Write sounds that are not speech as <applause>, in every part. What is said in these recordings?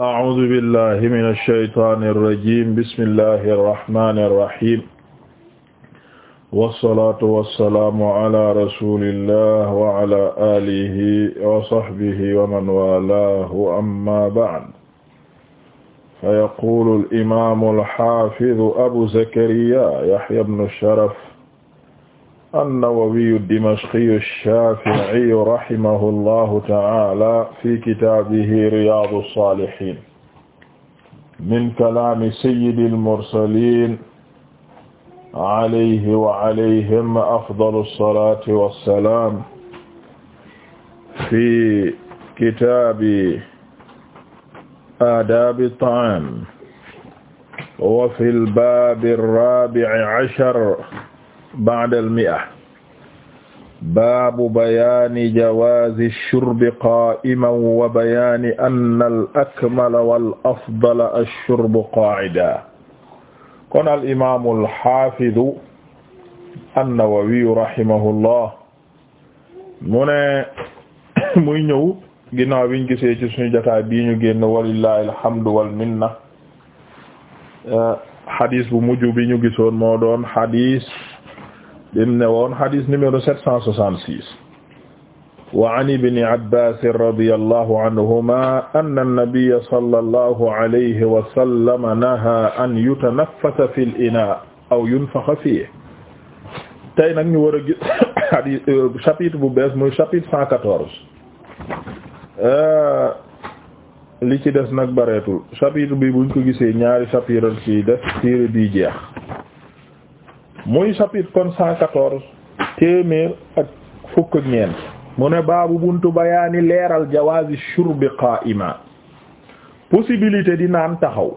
أعوذ بالله من الشيطان الرجيم بسم الله الرحمن الرحيم والصلاة والسلام على رسول الله وعلى آله وصحبه ومن والاه أما بعد فيقول الإمام الحافظ أبو زكريا يحيى بن الشرف an-Nawawiyu ad-Dimashqiyu ash-Shafi'iyu rahimahu llahu ta'ala fi kitaabihi Riyaadu as-Saalihiin min kalaami sayyidil mursaliin alayhi wa alayhim afdalu as-salaati was-salaam fi kitaabi aadaabi at-ta'aam wa fil baabi ar-raabi'i ashar ba'dal mi'a baabu bayaani jawaazi shurbi qaa'iman wa bayaani annal akmala wal afdala ash-shurbu qaa'idan kon al imaamul xaafidu an-Nawawi rahimahullah mu ne <coughs> muy ñëw ginnaaw biñ gisee ci suñu jotaay bii ñu génn walillahi alhamdu wal minna eh, xadis bu mujj bi ñu gisoon moo doon xadis. dim ne woon hadis numéro 766 wa an ibni abbasin radiyallahu anhuma anna an-nabiyya sallallahu alayhi wa sallam naha an yutanaffasa fi al-inaa aw yunfaxa fiihi tey nag ñu war a gis hadis <coughs> euh, chapitre bu bees muy chapitre 114 euh, li ci des nag bareetul chapitre bi buñ ko gisee ñaari chapitre ci def téere bi jeex muy chapitre kon cent quatorze téeméer ak fukk ak ñeent mu ne baabu buntu bayaani leeral jawaazi shurbi qaa'ima possibilité di naan taxaw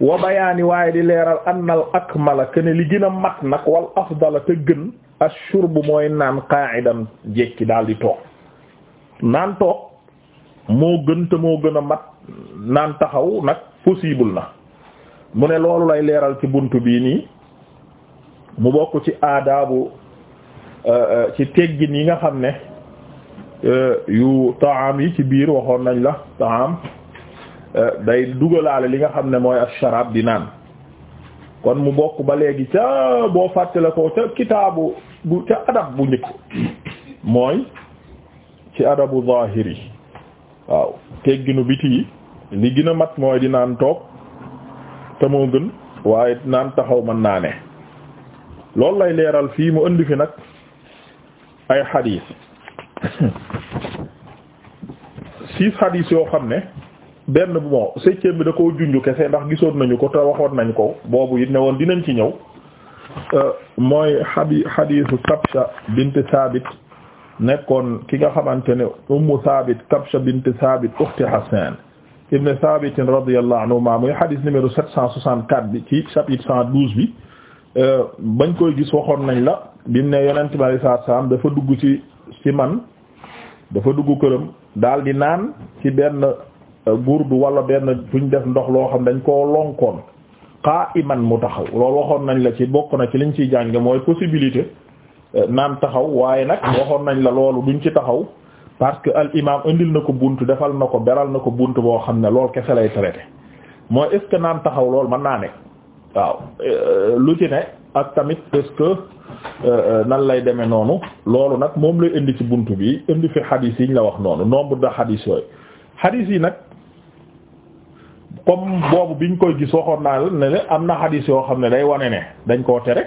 wa bayaani waaye di leeral annal akmala kene li gën a mat nag wal afdala te gën ash-shurb mooy naan qaa'idan jekki daal di toog naan toog moo gën te moo gën a mat naan taxaw nag possible na mu ne loolu lay leeral ci bunt bii nii mu bokk ci aadaabu euh, euh, ci teggin yi nga xam ne euh, yu taam yi ci biir waxoon nañ la taam day dugalaale li nga xam ne mooy asharab di naan kon mu bokk ba léegi ca boo fàttale ko ca kitaabu bu ca adab bu njëkk mooy ci adabu zahiri waaw tegginu biti yi li gën a mat mooy di naan toog te moo gën waaye naan taxaw mën naa ne loolu lay leeral fii mu indi fi nag ay xadiis six xadiis yoo xam ne benn bon septième bi da ko junj kese ndax gisoon nañu ko te waxoon nañ ko boobu it ne woon dinañ ci ñëw euh, mooy xadi xadiisu Kabsha bint Saabit nekkoon ki nga xamante ne ummu Saabit Kabsha bint Saabit uxti Hasan ibn Saabit radiyallahu anhuma muy xadiis numéro sept cent soixante-quatre bi ci chapitre cent douze bi Euh, bañ koy gis waxoon nañ la bi mu ne yonent bi alayhi salaatu salaam dafa dugg ci ci man dafa dugg këram daal di naan ci benn gurdu euh, wala benn fuñ def ndox loo xam dañ koo lonkoon i man mu taxaw loolu waxoon nañ la ci bokk na ci liñ ciy jàng mooy possibilité euh, naan taxaw waaye nag waxoon nañ la loolu duñ ci taxaw parce que al imam indil na ko bunt defal na ko beral na ko bunt boo xam ne loolu kese lay traité mooy est naan taxaw loolu mën naa ne waaw euh, lu ci ne ak tamit parce que euh, euh, nan lay demee noonu loolu nag moom la indi ci bunt bi indi fi xadiis yi ñu la wax noonu nombre de xadiis yooyu xadiis yi nag comme boobu biñ koy gis waxoon naa ne ne am na xadiis yoo xam ne day wane ne dañ koo tere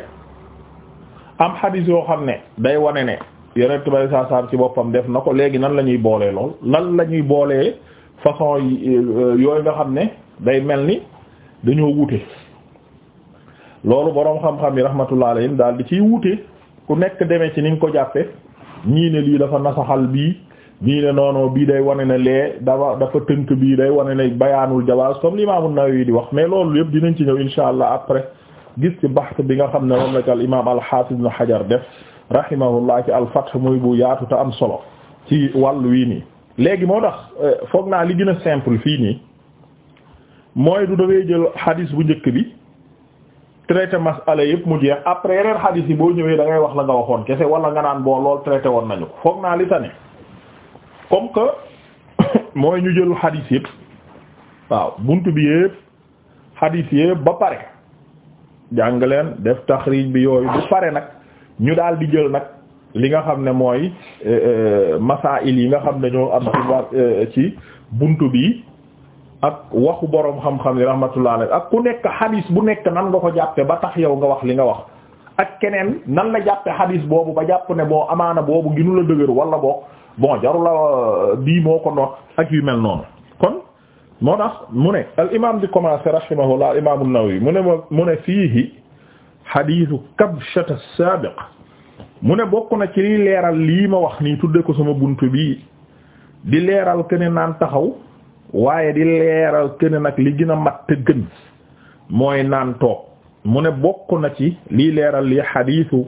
am xadiis yoo xam ne day wane ne yonent bay saa saam ci boppam def na ko léegi nan la ñuy boolee lool nan la ñuy boolee façon yooyu nga xam ne day mel ni dañoo wute loolu boroom xam-xam yi rahmatullah alayhim daal di ciy wuute ku nekk demee ci ni nga ko jàppe ñii ne lii dafa nasaxal bii ñii ne noono bii day wane ne lee dafa dafa tënk bii day wane na bayaanul jawaaz comme l'imam an yi di wax mais loolu yëpp dinañ ci ñëw insha allah après gis ci baxte bi nga xam ne moom rek al imam al-Hafiz ibn Hajar def rahimahullah ci al fat muy bu yaatu te am solo ci wàllu wii nii léegi moo tax eh, foog naa li gën a simple fii nii mooy du dangay jël hadis bu njëkk bi traité masala yëpp mu jeex après yeneen xadiis yi boo ñëwee da ngay wax la nga waxoon kese wala nga naan boo lool traité woon nañu ko foog naa li tane comme que <coughs> mooy ñu jël xadiis yëpp waaw bunt bi yëpp xadiis yëpp ba pare jàng leen def tax taxriij bi yooyu bu pare nag ñu daal di jël nag li nga xam ne mooy massa euh, euh, masaa'il yi nga xam ne ñoo am ci euh, bunt bi ak waxu boroom xam-xam yi rahmatullah alayhi ak ku nekk xadis bu nekk nan nga ko jàppe ba tax yow nga wax li nga wax ak keneen nan la jàppe xadis boobu ba jàpp ne boo amaana boobu ginu la dëgër wala boo bon jarula euh, bii moo ko noot ak yu mel noonu kon moo tax mu ne al imam di commencé rahimahullah al imam an-Nawawi mu ne mu ne fiihi xadisu kabshat as-sabiq mu ne bokk na ci liy leeral lii ma wax nii tudde ko sama bunt bi di leeral keneen naan taxaw waaye di leeral kenn nag li gën a mat te gën mooy naan mu ne bokk na ci lii leeral li xadiisu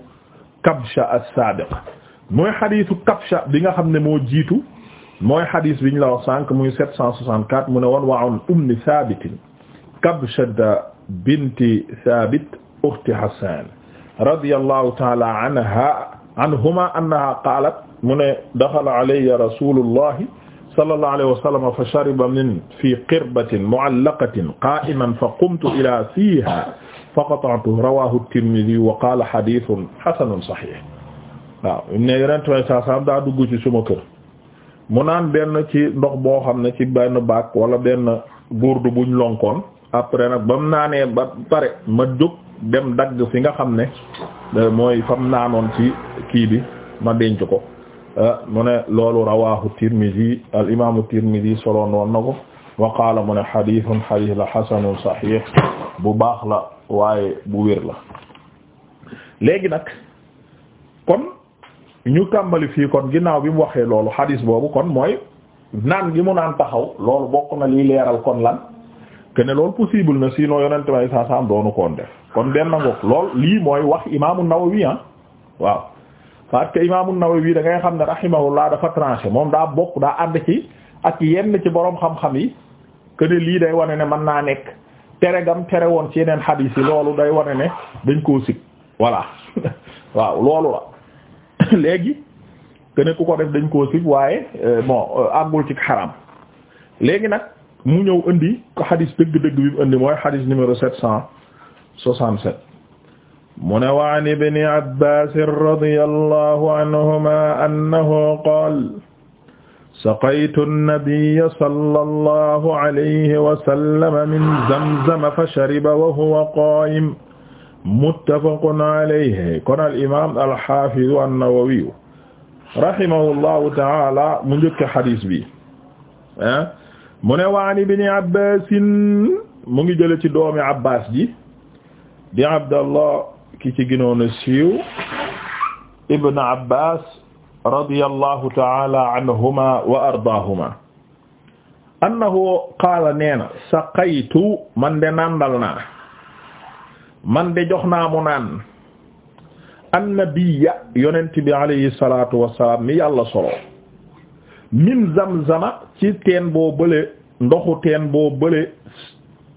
kabsha as-sabiq mooy xadiisu kabsha bi nga xam ne moo jiitu mooy xadiis bi ñu la wax sànq muy 764 mu ne woon wa an ummi sabitin kabshata binti sabit ukhti hasan radiyallahu ta'ala anha anhuma annaha qaalat mu ne daxala alayya rasulullahi sallallahu alayhi wa sallam fa shariba min fi qirbatin mu'allaqatin qa'iman fa qumtu ila fiha fa qata'tu rawahu at-Tirmidhi wa qala hadithun hasanun sahih waaw ne yonent may saa saam daa dugg ci suma kër mu naan benn ci ndox boo xam ne ci benn baak wala benn gourde buñ lonkoon après nag ba mu naanee ba pare ma jóg dem dagg fi nga xam ne mooy fam naanoon ci kii bi ma denc ko Eh, mu ne loolu rawahu Tirmidhi al imaamu Tirmidhi solo noon na ko wa qaala mu ne xadithun xadis la xasanun saxiix bu baax la waaye bu wér la léegi nag kon ñu tàmbali fii kon ginnaaw bi mu waxee loolu xadis boobu kon mooy naan gi mu naan taxaw loolu bokk na liy leeral kon lan que ne loolu possible na sinon yonente may saa doonu koon def kon benn ngoog lool lii mooy wax imaamu Nawawi ah waaw parce que imaamu Nawawi da ngay xam ne laa dafa tranché moom daa bokk daa ànd ci ak yenn ci boroom xam-xam yi que lii day wane ne man naa nekk tere gam tere woon ci yeneen xadiis yi loolu day wane ne dañ koo sik voilà <laughs> waaw loolu la <laughs> léegi que ku ko def dañ koo sik waaye euh, bon euh, àggul ci xaram léegi nag mu ñëw indi ko xadiis dëgg-dëgg bi mu indi mooy xadiis numéro sept cent soixante-sept mu ne wa an ibni abbasin radi allahu anhuma annahu qaal saqaytu annabiya sala allahu alayhi wasallama min zamzama fa shariba wa huwa qaa'im muttafaqun alayhi kon alimam alxafidu annawawiyu rahimahu llahu taala mu njëkke xadis bi ah mu ne wa an ibni abbasin mu ngi jële ci doomi abbas ji di abdallah ki ci gënoon a siiw ibn abbas radiyallahu ta'ala anhuma wa ardaahuma annahu qaala neena saqaytu man de nandal naa man de jox naa mu naan annabiya yonent bi alayhi salatu wasalaam mi yàlla solo min zamzama ci teen boo bële ndoxu teen boo bële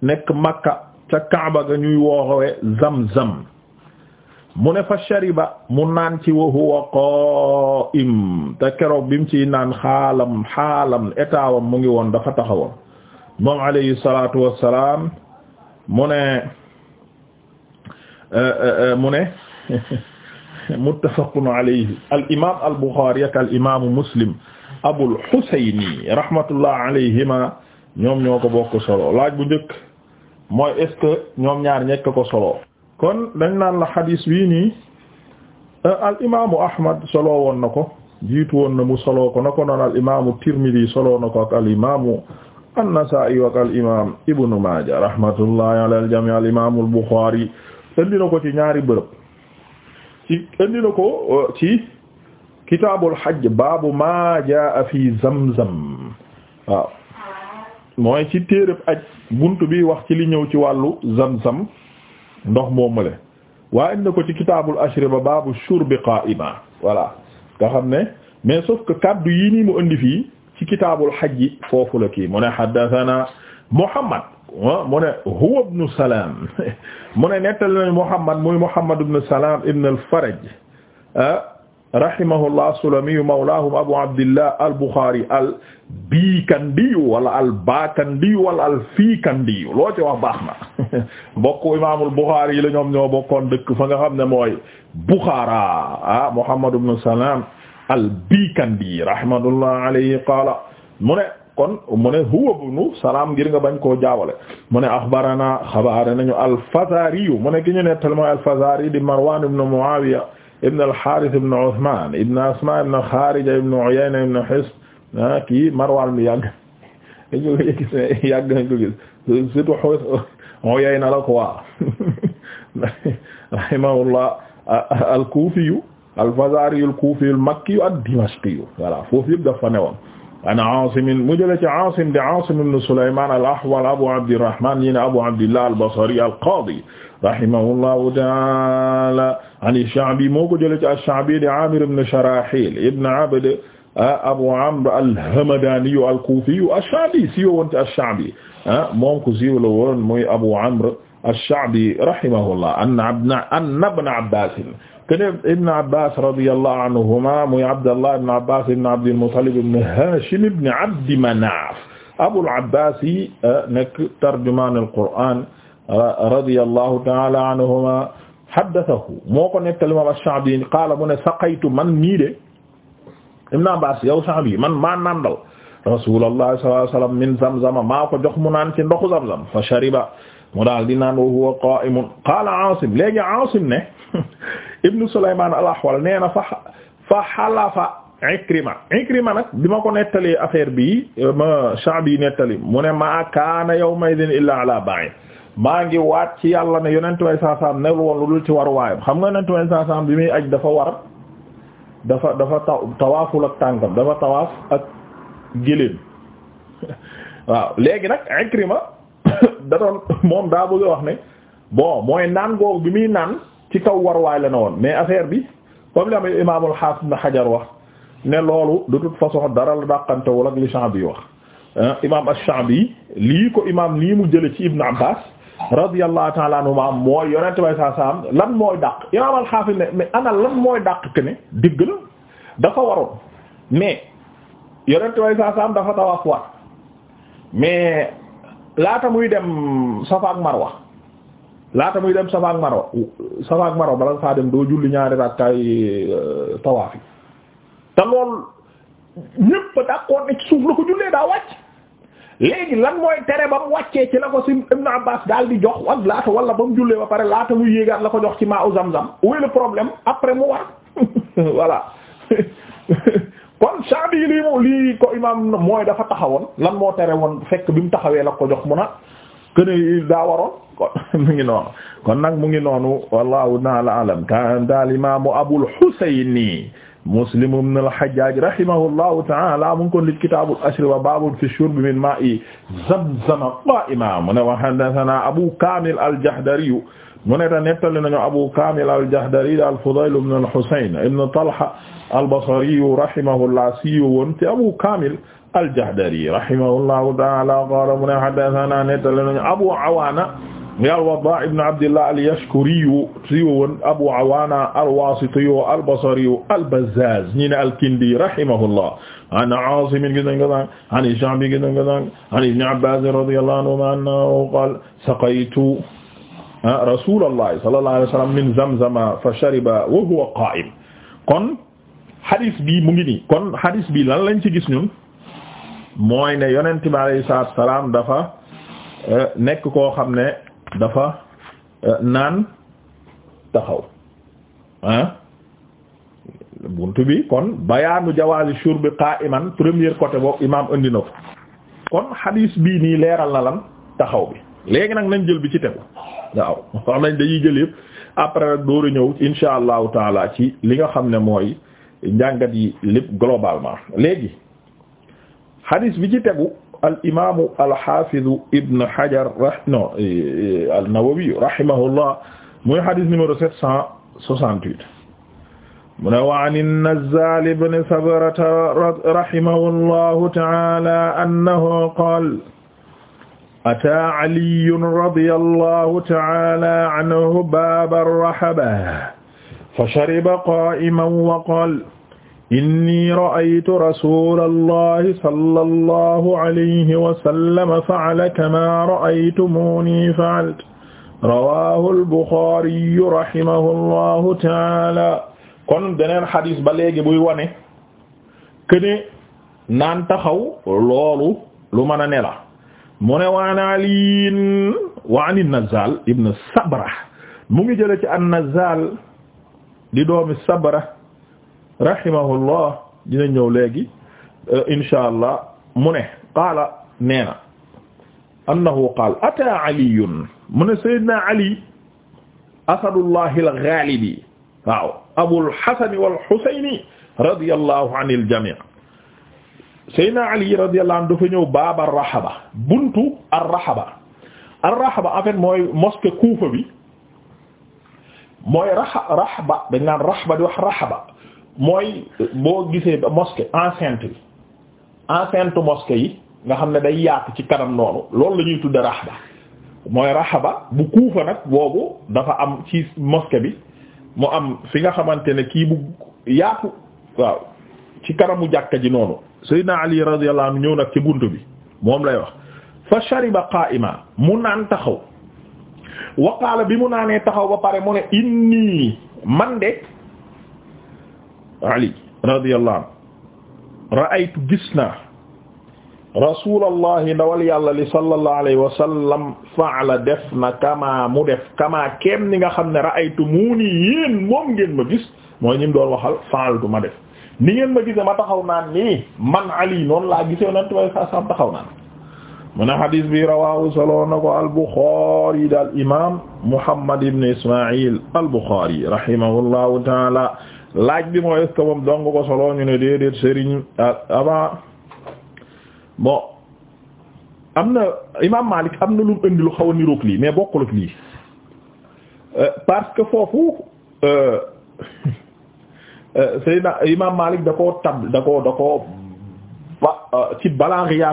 nekk makka ca kaaba ga ñuy wooxowe zamzam mu ne fa shariba mu naan ci wo huwa qaa'im te keroog bi mu naan xaalam xaalam étatwam mu ngi woon dafa taxawoon moom alayhi salatu wassalam mu ne eh, eh, eh, mu ne <laughs> muttafaqun alayhi al imam al buxaari ak al imamu muslim abul xusayni rahmatullah alayhima ñoom ñoo ko bokk solo laaj bu njëkk mooy est ce que ñoom ñaar ñekk ko solo kon dañ naan la xadiis bii nii eh, al imaamu Ahmad solo woon na ko jiitu woon mu solo ko na ko noon al imaamu solo na ko ak al imaamu An-Nasaa'i ak al imaam Ibnu Maaja rahmatullahi ala al jamii al imaamu al Buxaari indi ko ci ñaari bërëb ci indi na ko eh, ci kitaabul hajj baabu maa jaa fi Zamzam waaw mooy ci téereb aj buntu bi wax ci li ñëw ci wàllu Zamzam ndox moom ma le waa indi na ko ci kitaabul ashriba baabu shurbi qaa'ima voilà nga xam ne mais sauf que kaddu yii nii mu indi fii ci kitaabul hajji foofu la kii mu ne haddathana Muhammad mu ne huwa ibnu Salaam <laughs> mu ne nettali nañu Muhammad muy Muhammad ibnu Salaam ibnu al-Faraj ah, rahimahullah sulamiyu mawlaahum abu abdillah al-Bukhari al-Biikandiyu wala al-Baakandiyu wala al-Fiikandiyu loo ci wax baax na <laughs> mbokku imaamul Bukhari yi la ñoom ñoo bokkoon dëkk fa nga xam ne mooy Bukhara ah Muhammad ibn Salaam al-Biikandi rahimahullah alayhi qaala mu ne kon mu ne huwa ibnu Salaam ngir nga bañ koo jaawale mu ne axbarana xabaare nañu al-Fazaariyu mu ne ki ñu nettal mooy al-Fazaari di Marwaan ibn Muawiya ibn al-Harith ibn Uthman ibn Asma ibn Kharija ibn Uyayna ibn Hisn kii Marwan mi yàgg <laughs> dañu ko gis yàgg nañ ko gis surtout Uyayna la quoi <laughs> rahimahullah al-Kufi al-Fazari al-Kufi al-Makki ad-Dimashqi voilà foofu yëpp dafa newoon an Asim mu jële ci Asim di Asim ibn Sulayman al-Ahwal Abu Abdirrahman yi ne Abu Abdillah al-Basri al-Qadi rahimahullahu ta'ala an Sha'bi moo ko jëlee ci Sha'bi di Amir ibn Sharahil ibn Abd Abu Amr al-Hamadani al-Kufi ash-Sha'bi siiw woon ci Sha'bi moom ku siiw la woon mooy Abu Amr ash-Sha'bi rahimahullah anna ibn Abbas kene ibn Abbas radiyallahu anhuma muy Abdallah ibn Abbas ibn Abd al-Muttalib ibn Hashim ibn Abd Manaf Abul Abbas yi nekk tarjumaan al-Qur'an radiyallahu ta'ala anhuma haddathahu moo ko nettali ma Sha'bi qaala mu ne saqaytu man mii de Ibn Abbas yow Sha'bi man maa nandal Rasulullah sallallahu alayhi wasallam min Zamzam maa ko jox mu naan ci ndoxu Zamzam fa shariba mu daal di naan wa huwa qaa'imun qaala Aasim léegi Aasim ne <laughs> Ibn Sulaymaan al-Ahwal nee na fa fa halafa Ikrima Ikrima nag bi ma ko nettalee affaire bi ma Sha'bi nettali mu ne maa kaana yawma idhin illaa ala ba'ir maa ngi waat ci yàlla ne yonent way saasaam nelu woon lu dul ci war waayam xam nga yonent way saasaam bi muy aj dafa war dafa dafa taw tawaaful ak tànkam dafa tawaaf ak géléem <laughs> waaw léegi nag Ikrima <coughs> da doon moom daa bëgg wax ne bon mooy naan googu bi muy naan ci kaw waruwaay la ne woon mais affaire bi comme li imaamul xaafis na xajar wax ne loolu de toute façon dara la dàqantewul ak li Sha'bi wax ah, imaam ash-Sha'bi lii ko imaam lii mu jële ci Ibn Abbas radiyallahu ta'ala anhuma mooy yonent bay saa saam lan mooy dàq imaam al-Hafiz ne mais lan mooy dàq que digg la dafa waroon mais yonent bay saa dafa tawaaf mais laata muy dem Safa Marwa laata muy dem Safa ak Marwa Safa ak Marwa bala faa dem doo julli ñaari rakkaay euh, tawaaf yi te lool ñépp d'accord ne suuf la ko jullee daa wàcc léegi lan mooy tere ba mu wàccee ci la ko si Ibn Abbas daal di jox wala laata wala ba mu jullee ba pare laata mu yéegaat la ko jox ci maa'u Zamzam où est le problème après mu war <laughs> voilà <laughs> kon Shaabi lii moom lii ko imaam mooy dafa taxawoon lan moo tere woon fekk bi mu taxawee la ko jox mu na kene daa waroon kon <laughs> mu ngi noonu kon nag mu ngi noonu wallahu naa a'lam kan daal imaamu Abul Husayni Muslim ibn al-Hajjaj rahimahullahu ta'ala mu ngi ko nit kitabul ashriba babun fi shurb min ma'i Zamzam qa'iman mu ne wa haddathana Abu Kamil al-Jahdari mu ne ta nettali nañu Abu Kamil al-Jahdari al-Fudayl ibn al-Husayn ibn Talha al-Basri rahimahullah siiw woon te Abu Kamil al-Jahdari rahimahullahu ta'ala qala mu ne haddathana nettali nañu Abu Awana muy al-Wadaa ibn Abdillah al-Yashkuriyu siwo woon Abu Awaana al-Waasitiyu al-Basriyu al-Bazzaaz ñi ne al-Kindi rahimahullah an Aasim gis nañ ko sànq an Hishaam gis nañ ko sànq an Ibn Abbaas radiyallahu anhumaa annahu qaala saqaytu ah, rasuulallahi sallallahu alayhi wa sallam min zamzama fa shariba wa huwa qaa'im kon hadith bi mu ngi nii kon hadith bi lan lañ ci gis ñun mooy ne Yonent bi alayhi salaatu wa salaam dafa eh, nekk koo xam ne dafa euh, naan taxaw ah buntu bi kon bayaanu jawaazi shurbi qa'iman premier côté boobu imaam indi na ko kon hadis bi nii leeral na lan taxaw bi léegi nag nañ jël bi ci tegu waaw wax nañ dañuy jël yëpp après a ñëw insha allahu taala ci li nga xam ne mooy njàngat yi lépp globalement léegi hadis bi ci tegu al imaamu al xaafidu Ibn Hajar no e, e, an-Nawawi rahimahullah muy xadis numéro sept cent soixante huit. mu ne wa an an-Nazzaal ibn Sabrata rahimahullahu ta'aala annahu qaala ataa Aliyyun radiyallahu ta'aala anhu baaba ar-rahaba fa shariba qaa'iman wa qaala inni ra'aytu rasulallahi sallallahu alayhi wa sallam fa'ala kama ra'aytumuni fa'altu rawahu al-Bukhari rahimahullahu taala kon beneen xadis ba léegi buy wane kene naan taxaw loolu lu mën a ne la mu ne waan Ali wa an an-Nazzal ibn Sabra mu ngi jële ci an-Nazzal di doomi Sabra rahimahullah dina ñëw léegi euh, insha allah mu ne qaala nee na annahu qaal ata aliyun mu ne sayyidina ali asadullahi alghalibi waaw abul hasan wal husayn radiyallahu anil jami' sayyidina ali radiyallahu anhu dafa ñëw baaba rahaba buntu ar-rahaba ar-rahaba en fait mooy mosquée Kufa bi mooy raxa rahba dañ naan rahba di wax rahaba mooy boo gisee mosquée enceinte bi enceinte mosquée yi nga xam ne day yaatu ci kanam noonu loolu la ñuy tudde mooy rahaba bu kuufa nag boobu dafa am ci mosquée bi mu am fi nga xamante ne kii bu yaatu waaw ci kanamu jàkka ji noonu Seydina Ali radiyallahu anhu ñëw nag ci bunt bi moom lay wax fa shariba qaa'ima mu naan taxaw waqaala bi mu naanee taxaw ba pare mu ne inni man de ali radiyallahu anhu ra'aytu gis naa rasulallahi ndawal yàlla li sallallahu alayhi wa sallam faala def na kamaa mu def kamaa keem ni nga xam ne ra'aytu muu ni yéen moom ngeen ma gis mooy ñi mu doon waxal faaltu ma def ni ngeen ma gise ma taxaw naan nii man ali noonu laa gise yonent way sa sam taxaw naan mu ne xadis bi rawahu soloo na ko al-Bukhari daal imam Muhammad ibn Ismail al-Bukhari rahimahullahu taala laaj bi mooy est-ce que moom ko solo ñu ne déedéet Serigne ah, avant bon am na Imaam Malik am na lu mu indi lu xaw lii mais bokkul ak lii euh, parce que foofu euh, <laughs> euh, Seydina Imaam Malik da koo tab da koo la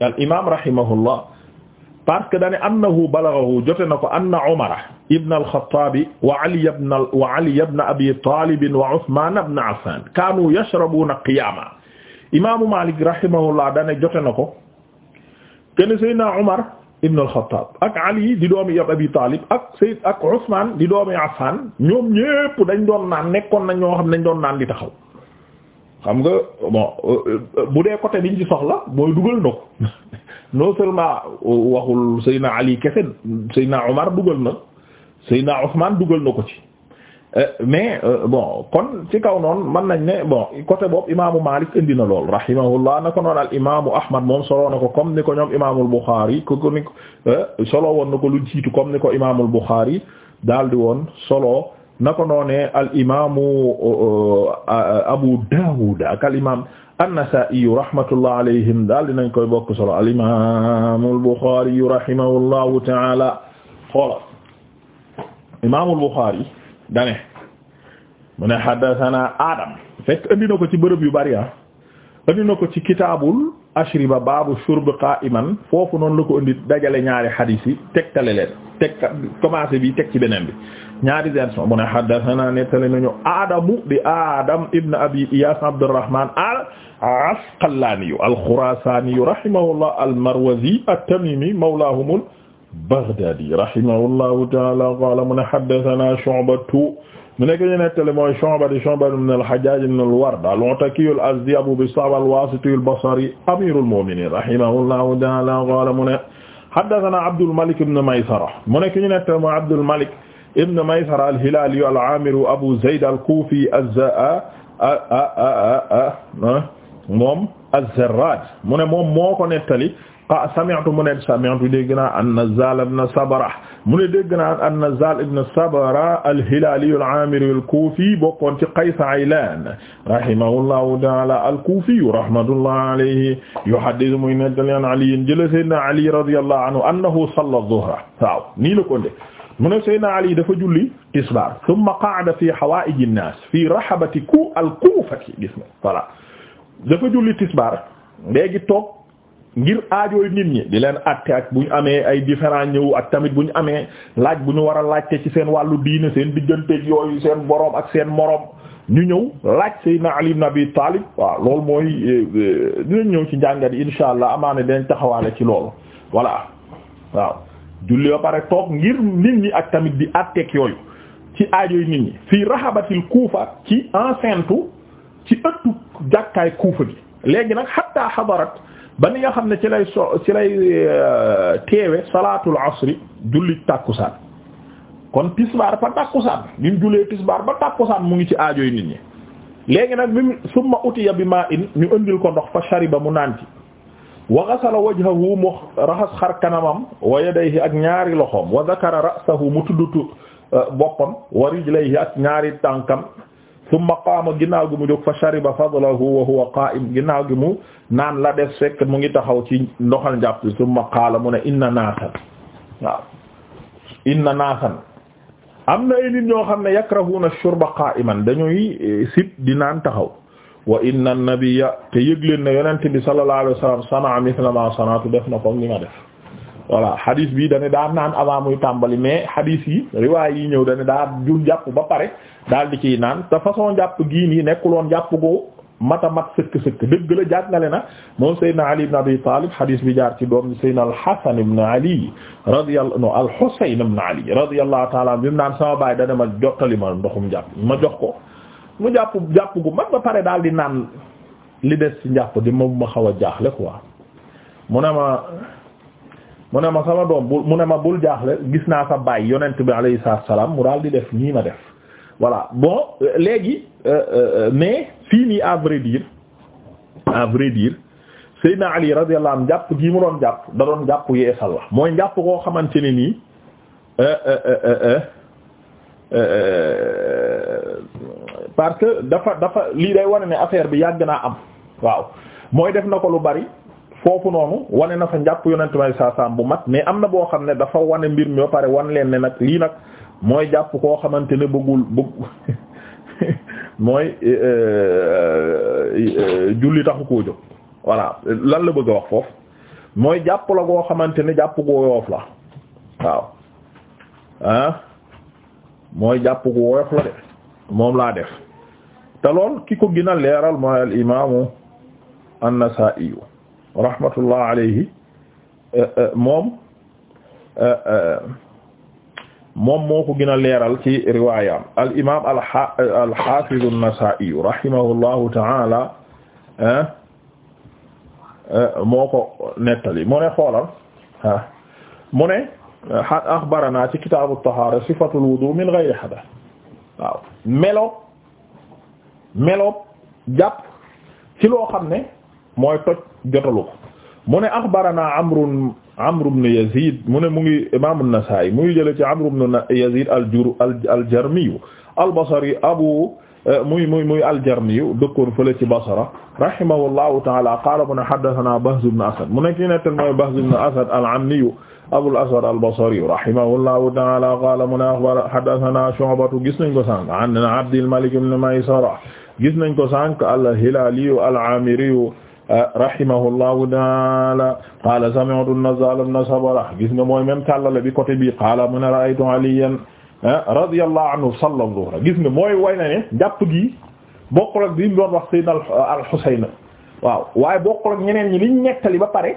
al imaam rahimahullah parce que dane annahu balaghahu jote na ko anna Umar ibn al-Khattab wa Ali ibn wa Ali ibn Abi Talib wa Uthman ibn Affan kaanu yashrabuna qiyaama imaamu Malik rahimahullah dane jote na ko kenn Seydina Umar ibn al ak Ali di doomi Abi Talib ak Seyd ak Uthman di doomi Affan ñoom ñépp dañ doon naan nekkoon nañ ñoo xam ne dañ doon naan di taxaw xam nga bon bu dee côté biñ ci mooy dugal na non seulement waxul Seydina Ali kese Seydina Omar dugal na Seydina Ousmane dugal na ko ci eh, mais euh, bon kon ci kaw noonu man nañ ne bon côté boobu imaamu Malik indi na lool rahimahullah na ko noonu al imaamu Ahmad moom solo na ko comme ni ko ñoom imaamul Bukhari ku ko ni eh, solo woon na ko lu jiitu comme ni ko imaamul Bukhari daal di woon solo na ko noonee al imaamu euh, euh, Abu Dawud ak al an-Nasaa'i rahmatullah alayhim daal dinañ koy bokk solo al-imaam al-Buxaari rahimahullahu ta'aala xoola imaam al-Buxaari dane mu ne haddasanaa Adam fekk andi na ko ci bërëb yu bari ah andi na ko ci kitaabul ashriba baabu shurb qaa'iman foofu noonu la ko indi dajale ñaari hadiis yi tegtale leen teg commencé bi teg ci beneen bi ñaari version mu ne haddathana nettali nañu Adamu di Adam ibn Abi Iyas Abdurrahman al-Asqalani al-Khurasani rahimahullah al-Marwazi at-Tamimi mawlahum al-Baghdadi rahimahullahu ta'ala qala mu ne haddathana Shu'batu mu nekk ñu nettali mooy Shu'ba di Shu'ba ibn al-Hajjaj ibn al-Ward al-Ataki al-Azdi Abu Bistam al-Wasiti al-Basri amirul mu'minin rahimahullahu ta'ala qala mu ne haddathana Abdul Malik ibn Maysara mu nekk ñu nekk mu Abdul Malik ibn Maysara al-Hilali al-Amir Abu Zayd al-Kufi az-Zarraj moom az-Zarraj mu ne moom moo ko nettali ah sami'tu mu ne sami'tu dégg naa an-Nazzal ibn Sabra mu ne dégg naa an-Nazzal ibn Sabra al-Hilali al-Amiri al-Kufi bokkoon ci Qays Aylan rahimahullahu ta'ala al-Kufi rahmatullahi alayhi yuhaddithu muy nettali an Ali jël Sayyidina Ali radiyallahu anhu annahu salla dhuhra waaw nii la ko ndee mu ne Sayyidina Ali dafa julli tisbaar thumma qa'ada fi hawa'ij an-nas fi rahabati al-Kufa gis na voilà dafa julli tisbaar léegi toog ngir aajooy nit ñi di leen àtte ak bu ñu amee ay différent ñëw ak tamit bu ñu amee laaj bu ñu war a laajte ci seen wàllu diine seen digganteeg yooyu seen boroom ak seen moroom ñu ñëw laaj Seydina Ali ibn bi Talib waaw loolu mooy eh, eh, dinañ ñëw ci njàngat yi insha allah amaana dinañ taxawaale ci loolu voilà waaw julli ba pare toog ngir nit ñi ak tamit di àtteeg yooyu ci aajooy nit ñi fii rahabatil Kuufa ci enceinte ci ëttu jàkkaay Kuufa bi léegi nag xatta xadarat ba ni nga xam ne ci lay so ci lay euh, teewe salaatul asri julli tàkkusaan kon tisbaar ba tàkkusaan bi mu jullee tisbaar ba tàkkusaan mu ngi ci aajoy nit ñi léegi nag bi mu summa utiya bi maa in ñu indil ko ndox fa shariba mu naan ci wa ghasala wajhahu mu raxas xar kanamam wa yadayhi ak ñaari loxoom wa dhakara ra'sahu mu tuddutu euh, boppam wa rijlayhi ak ñaari tànkam summa qaama ginnaaw gi mu jóg fa shariba fadlahu wa huwa qaa'im ginnaaw gi mu naan la des fekk mu ngi taxaw ci ndoxal njàpp summa qaala mu ne inna naasan waaw inna naasan am na ay nit ñoo xam ne yakrahuuna shurba qaa'iman dañuy eh, sit di naan taxaw wa inna nabiyya te yëg leen ne yonent bi sallallahu alayhi wa sallam sanaa mithla ma sanaatu def na ko ni ma def voilà hadith bi dane daa naan avant muy tàmbali mais hadith yi riwaay yi ñëw dane daa jun jàpp ba pare daal di ciy naan te façon jàpp gii nii nekkuloon jàpp ko mata mat sëkk sëkk dëgg la jàngale na moom Seydina Ali ibn Abi Talib hadith bi jaar ci doom Seydina al-Hasan ibn Ali radiyallahu anhu al-Husayn ibn Ali radiyallahu ta'ala bi mu naan sama baay dane ma jottali ma ndoxum jàpp ma jox ko mu jàpp jàpp gu mag ba pare daal di naan li des ci njàpp di moom ma xaw a jaaxle quoi mu ne ma sama doom bul mu ne ma bul jaaxle gis naa sa baay yonent bi alayhi salaam mu daal di def nii ma def voilà bon euh, léegi euh, euh, mais fii nii à vrai dire à vrai dire Seydina Ali radiyallahu jàpp gii mu doon jàpp da doon jàpp yeesal la mooy jàpp koo xamante ne nii parce que dafa dafa lii day wane ne affaire bi yàgg naa am waaw mooy def na ko lu bari foofu noonu wane na fa njàpp yonent may saasaam bu mat mais am na boo xam ne dafa wane mbir mi pare wan leen ne nag lii nag mooy jàpp koo xamante ne bëggul bëgg <laughs> mooy euh, euh, euh, julli taxu koo jóg voilà lan la bëgg a wax foofu mooy jàpp la goo xamante ne jàpp goo yoof la waaw ah mooy jàpp gu woyof la de moom laa def te lool ki ko gën leeral mooy al imaamu an-Nasaa'i rahmatullah alayhi euh, euh, moom euh, moom moo ko gën a leeral ci riwaayam al imaam al xa al xaafiz an-Nasaa'i rahimahullahu ta'ala moo ko nettali mu ne xoolal ah mu ne axbaranaa ci kitaabu tahaara sifatul wudu min ghayri hadath waaw melo melo jàpp ci loo xam ne mooy toj. jotalu ko mu ne axbarana amru amru ibn yazid mu ne mu ngi imam an-Nasa'i mu ngi jële ci amru ibn yazid aljur aljarmiyu albasari abu eh, muy muy muy aljarmiyu dëkkoon fële ci basara rahimahullahu taala qaala mu ne haddathana bahz ibn asad mu ne ki nettan mooy bahz ibn asad al-ammiyu abul aswad albasari rahimahullahu taala qaala mu ne axbar haddathana shu'batu gis nañ ko sànq an abdil malik ibn maysara gis nañ ko sànq al-hilaliyu al-amiriyu rahimahullahu taala qala sami'tu an-Nazzal ibn Sabra gis nga mooy même tàllale bi côté bi qala mu ne ra'aytu Aliyan ah, radiyallahu anhu salla dhuhra gis nga mooy way na ne jàpp gi bokkul ak bi mu doon wax Sayyidina al-Husayn waaw waaye bokkul ak ñeneen ñi liñ ñettali ba pare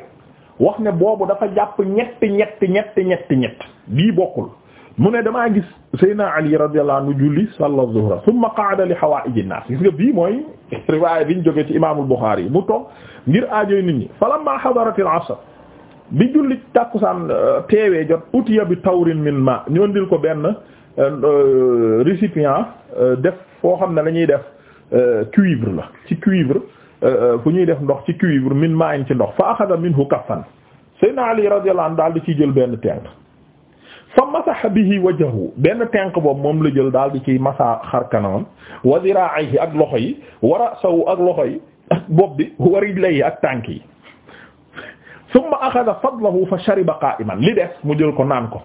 wax ne boobu dafa jàpp ñetti ñetti ñetti ñetti ñett bii bokkul mu ne damaa gis Seydina Ali radiyallahu anhu julli salla zuhra thumma qa'ada li hawaa'iji naas gis nga bii mooy <laughs> riwaaya biñ joge ci imaamul Buxaari mu toog ngir aajoy nit ñi falamma hadaratil asr bi julli tàkkusaan euh, teewee jot utiya bi tawrin min ma ñu andil ko benn euh, euh, récipient def foo xam ne lañuy def cuivre la ci cuivre fu ñuy def ndox ci cuivre min ma ci ndox fa axada minhu kaffan Seydina Ali radiyallahu anhu daal di ciy jël benn teenk fa masaha bihi wajhahu benn tenq boobu moom la jël daal di ciy masa xar kanamam wa ziraa'ihi ak loxo yi wa ra'sahu ak loxo yi ak bopp bi wa rijlayhi ak tànk yi thumma akhadha fadlahu fa shariba qa'iman li des mu jël ko naan ko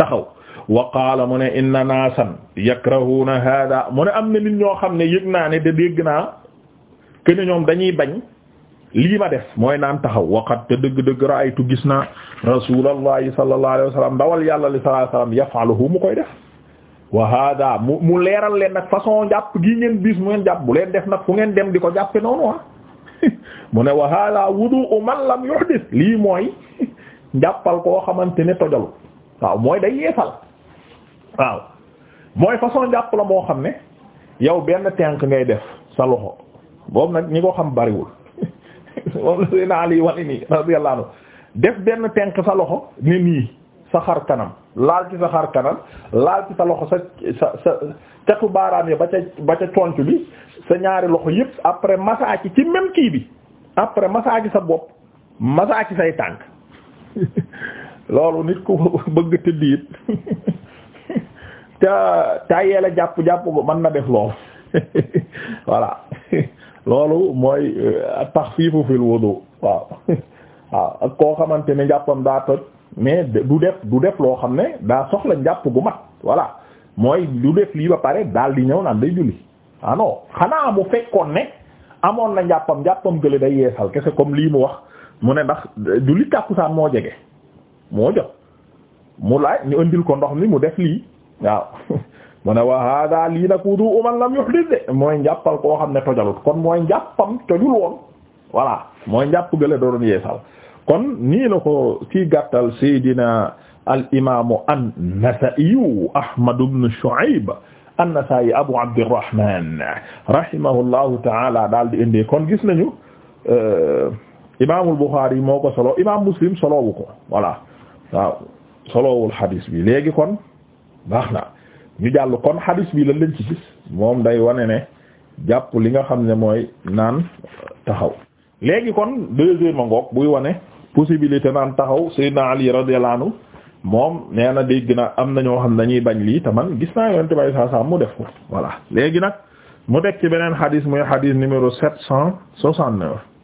taxaw wa qaala mu ne inna naasan yakrahuuna hada mu ne am na nit ñoo xam ne yëg naa ne da dégg naa que ne ñoom dañuy bañ lii ma def mooy naan taxaw waqat te dëgg-dëgg ra'aytu gis naa rasulallahi sallallahu alayhi wa ndawal yàlla li sallallahu alayhi wa sallam yaf'aluhu mu koy def wa mu mu leeral leen nag façon jàpp gii ngeen bis mu ngeen jàpp bu leen def nag fu ngeen dem di ko jàppe noonu ah <laughs> mu ne wa hada wudu'u man lam yuhdis lii mooy njàppal <laughs> koo xamante ne tojalu waaw mooy day yeesal waaw mooy façon njàpp la moo xam ne yow benn tenk ngay def sa loxo boobu nag moom la Seydina Ali wane nii radiyallahu def benn tenq sa loxo ne nii sa xar kanam laal ci sa xar kanam laal ci sa loxo sa sa sa catu baaraam yi ba ca conc bi sa ñaari loxo yépp après masaa ci ci même kii bi après masaa ci sa bopp masaa ci say tànk <laughs> loolu nit ku bëgg tëdd it <laughs> te tàyyee la jàpp jàpp mën na def loolu <laughs> voilà loolu mooy euh, taxfiifu fil wudu waaw <laughs> waaw ak koo xamante ne njàppam daa toj mais du def du def loo xam ne daa soxla njàpp gu mat voilà mooy du def lii ba pare daal di ñëw naan day julli ah xanaa mu fekkoon ne amoon na njàppam njàppam gële day yeesal kese comme lii mu wax mu ne ndax euh, julli tàkkusaan moo jege moo jot mu laaj ñu indil ko ndox mi mu def lii waaw <laughs> mu ne wa hada lii nag wudu man lam yuhdith de mooy njàppal koo xam ne tojalut kon mooy njàppam tojul woon mooy njàpp gële doon yeesal kon nii la ko ci gàttal Seydina al imaamu an-Nasaa'i Ahmad ibn Shu'ayb an-Nasaa'i Abu Abdirrahman rahimahullahu ta'ala daal di indee kon gis nañu euh, imaamul Buxaari moo ko solo imaam Muslim solowu ko voilà waaw solowul hadis bi léegi kon baax na. ñu jàll kon hadis bi la lañ ci moom day wane ne jàpp li nga xam ne mooy naan taxaw léegi kon deuxième ngook buy wane possibilité naan taxaw Seydina Ali radiyallahu anhu moom nee na dégg na am na ñoo xam dañuy bañ lii te man gis naa yonent bay saa saa mu def ko voilà léegi nag mu teg ci beneen hadis muy hadis numéro sept cent soixante-neuf